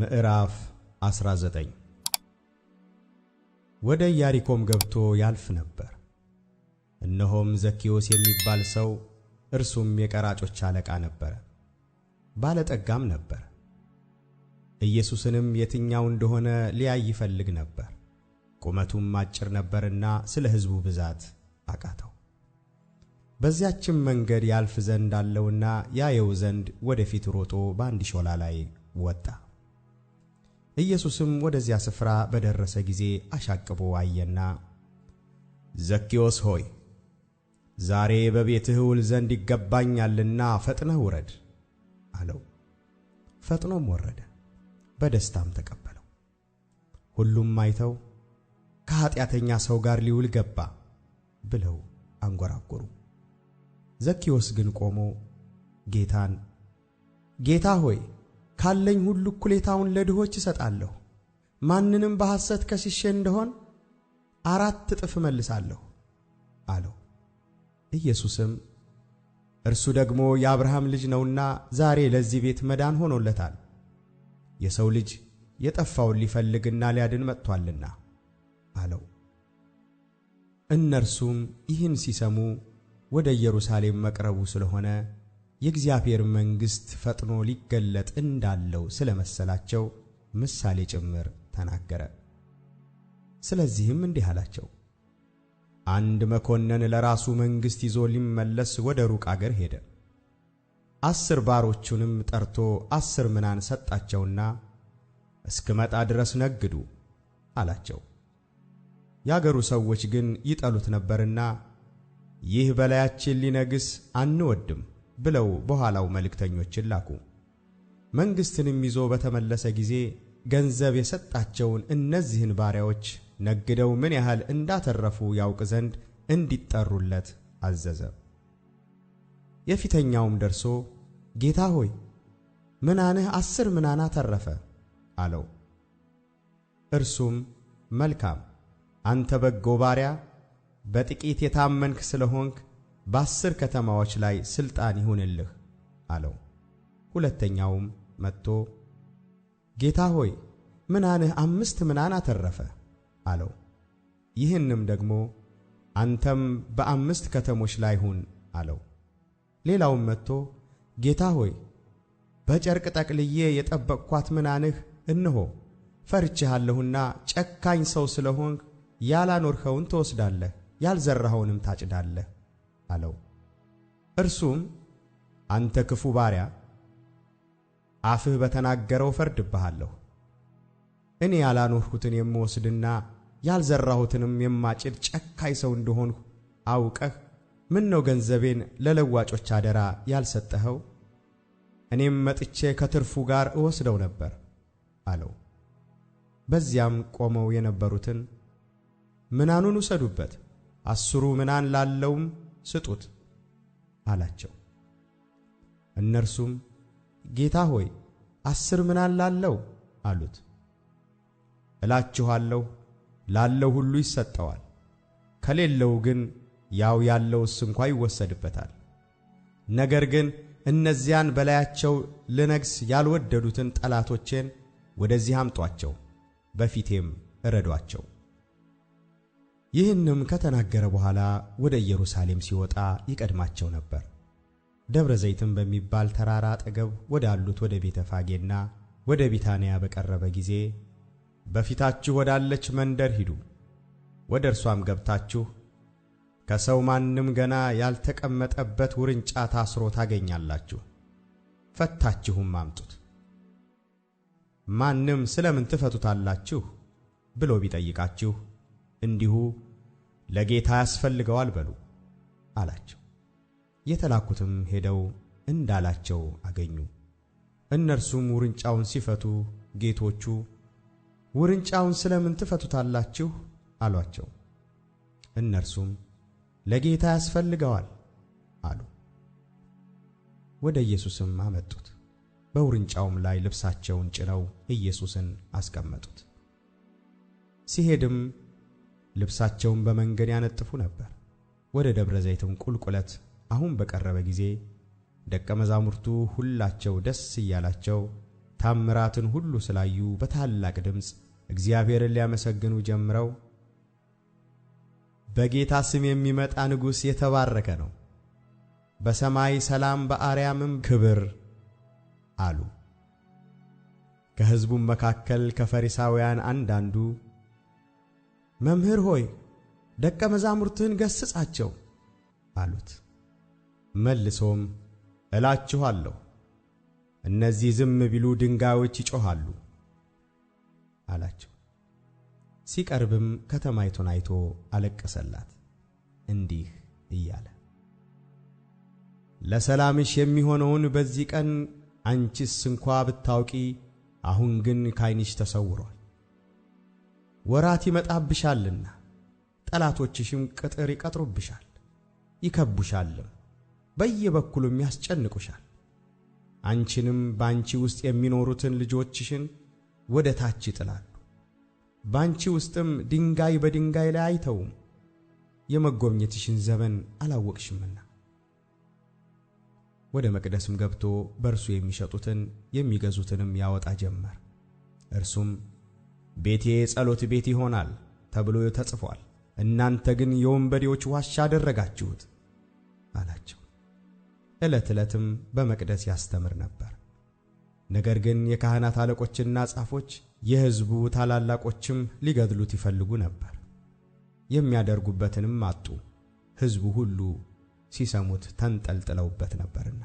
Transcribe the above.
ምዕራፍ 19 ወደ ኢያሪኮም ገብቶ ያልፍ ነበር። እነሆም ዘኪዮስ የሚባል ሰው፣ እርሱም የቀራጮች አለቃ ነበረ፣ ባለጠጋም ነበር። ኢየሱስንም የትኛው እንደሆነ ሊያይ ይፈልግ ነበር፤ ቁመቱም አጭር ነበርና ስለ ሕዝቡ ብዛት አቃተው። በዚያችም መንገድ ያልፍ ዘንድ አለውና ያየው ዘንድ ወደፊት ሮጦ በአንድ ሾላ ላይ ወጣ። ኢየሱስም ወደዚያ ስፍራ በደረሰ ጊዜ አሻቅቦ አየና፣ ዘኪዮስ ሆይ ዛሬ በቤትህ ውል ዘንድ ይገባኛልና ፈጥነህ ውረድ አለው። ፈጥኖም ወረደ፣ በደስታም ተቀበለው። ሁሉም አይተው ከኃጢአተኛ ሰው ጋር ሊውል ገባ ብለው አንጎራጎሩ። ዘኪዮስ ግን ቆሞ ጌታን ጌታ ሆይ ካለኝ ሁሉ እኩሌታውን ለድሆች እሰጣለሁ። ማንንም በሐሰት ከስሼ እንደሆን አራት እጥፍ እመልሳለሁ አለው። ኢየሱስም እርሱ ደግሞ የአብርሃም ልጅ ነውና ዛሬ ለዚህ ቤት መዳን ሆኖለታል፤ የሰው ልጅ የጠፋውን ሊፈልግና ሊያድን መጥቶአልና አለው። እነርሱም ይህን ሲሰሙ ወደ ኢየሩሳሌም መቅረቡ ስለሆነ የእግዚአብሔር መንግሥት ፈጥኖ ሊገለጥ እንዳለው ስለ መሰላቸው ምሳሌ ጭምር ተናገረ። ስለዚህም እንዲህ አላቸው፦ አንድ መኮንን ለራሱ መንግሥት ይዞ ሊመለስ ወደ ሩቅ አገር ሄደ። አስር ባሮቹንም ጠርቶ አስር ምናን ሰጣቸውና እስክመጣ ድረስ ነግዱ አላቸው። የአገሩ ሰዎች ግን ይጠሉት ነበርና ይህ በላያችን ሊነግሥ አንወድም ብለው በኋላው መልእክተኞችን ላኩ። መንግሥትንም ይዞ በተመለሰ ጊዜ ገንዘብ የሰጣቸውን እነዚህን ባሪያዎች ነግደው ምን ያህል እንዳተረፉ ያውቅ ዘንድ እንዲጠሩለት አዘዘ። የፊተኛውም ደርሶ ጌታ ሆይ ምናንህ አስር ምናና ተረፈ አለው። እርሱም መልካም አንተ በጎ ባሪያ፣ በጥቂት የታመንክ ስለሆንክ በአስር ከተማዎች ላይ ሥልጣን ይሁንልህ አለው። ሁለተኛውም መጥቶ ጌታ ሆይ ምናንህ አምስት ምናን አተረፈ አለው። ይህንም ደግሞ አንተም በአምስት ከተሞች ላይ ሁን አለው። ሌላውም መጥቶ ጌታ ሆይ በጨርቅ ጠቅልዬ የጠበቅኳት ምናንህ እነሆ ፈርችሃለሁና ጨካኝ ሰው ስለሆንክ ያላኖርኸውን ትወስዳለህ፣ ያልዘራኸውንም ታጭዳለህ አለው። እርሱም አንተ ክፉ ባሪያ፣ አፍህ በተናገረው እፈርድብሃለሁ፤ እኔ ያላኖርሁትን የምወስድና ያልዘራሁትንም የማጭድ ጨካኝ ሰው እንደሆንሁ አውቀህ ነው ገንዘቤን ለለዋጮች አደራ ያልሰጠኸው? እኔም መጥቼ ከትርፉ ጋር እወስደው ነበር አለው። በዚያም ቆመው የነበሩትን ምናኑን ውሰዱበት፣ አስሩ ምናን ላለውም ስጡት አላቸው። እነርሱም ጌታ ሆይ አስር ምናን ላለው አሉት። እላችኋለሁ ላለው ሁሉ ይሰጠዋል፣ ከሌለው ግን ያው ያለውስ እንኳ ይወሰድበታል። ነገር ግን እነዚያን በላያቸው ልነግሥ ያልወደዱትን ጠላቶቼን ወደዚህ አምጧቸው፣ በፊቴም እረዷቸው። ይህንም ከተናገረ በኋላ ወደ ኢየሩሳሌም ሲወጣ ይቀድማቸው ነበር። ደብረ ዘይትም በሚባል ተራራ አጠገብ ወዳሉት ወደ ቤተ ፋጌና ወደ ቢታንያ በቀረበ ጊዜ በፊታችሁ ወዳለች መንደር ሂዱ፣ ወደ እርሷም ገብታችሁ ከሰው ማንም ገና ያልተቀመጠበት ውርንጫ ታስሮ ታገኛላችሁ፤ ፈታችሁም አምጡት። ማንም ስለ ምን ትፈቱታላችሁ ብሎ ቢጠይቃችሁ እንዲሁ ለጌታ ያስፈልገዋል በሉ አላቸው። የተላኩትም ሄደው እንዳላቸው አገኙ። እነርሱም ውርንጫውን ሲፈቱ ጌቶቹ ውርንጫውን ስለምን ትፈቱታላችሁ? አሏቸው። እነርሱም ለጌታ ያስፈልገዋል አሉ። ወደ ኢየሱስም አመጡት። በውርንጫውም ላይ ልብሳቸውን ጭነው ኢየሱስን አስቀመጡት። ሲሄድም ልብሳቸውን በመንገድ ያነጥፉ ነበር። ወደ ደብረ ዘይትም ቁልቁለት አሁን በቀረበ ጊዜ ደቀ መዛሙርቱ ሁላቸው ደስ እያላቸው ታምራትን ሁሉ ስላዩ በታላቅ ድምፅ እግዚአብሔርን ሊያመሰግኑ ጀምረው በጌታ ስም የሚመጣ ንጉሥ የተባረከ ነው፣ በሰማይ ሰላም በአርያምም ክብር አሉ። ከሕዝቡም መካከል ከፈሪሳውያን አንዳንዱ መምህር ሆይ ደቀ መዛሙርትህን ገሥጻቸው አሉት። መልሶም እላችኋለሁ እነዚህ ዝም ቢሉ ድንጋዮች ይጮኻሉ አላቸው። ሲቀርብም ከተማይቱን አይቶ አለቀሰላት፣ እንዲህ እያለ ለሰላምሽ የሚሆነውን በዚህ ቀን አንቺስ እንኳ ብታውቂ፣ አሁን ግን ካይንሽ ተሰውሯል። ወራት ይመጣብሻልና ጠላቶችሽም ቅጥር ይቀጥሩብሻል፣ ይከቡሻልም፣ በየበኩሉም ያስጨንቁሻል። አንቺንም ባንቺ ውስጥ የሚኖሩትን ልጆችሽን ወደ ታች ይጥላሉ፣ ባንቺ ውስጥም ድንጋይ በድንጋይ ላይ አይተውም። የመጎብኘትሽን ዘመን አላወቅሽምና ወደ መቅደስም ገብቶ በእርሱ የሚሸጡትን የሚገዙትንም ያወጣ ጀመር። እርሱም ቤቴ የጸሎት ቤት ይሆናል ተብሎ ተጽፏል፣ እናንተ ግን የወንበዴዎች ዋሻ አደረጋችሁት አላቸው። ዕለት ዕለትም በመቅደስ ያስተምር ነበር። ነገር ግን የካህናት አለቆችና ጻፎች የሕዝቡ ታላላቆችም ሊገድሉት ይፈልጉ ነበር፣ የሚያደርጉበትንም አጡ፤ ሕዝቡ ሁሉ ሲሰሙት ተንጠልጥለውበት ነበርና።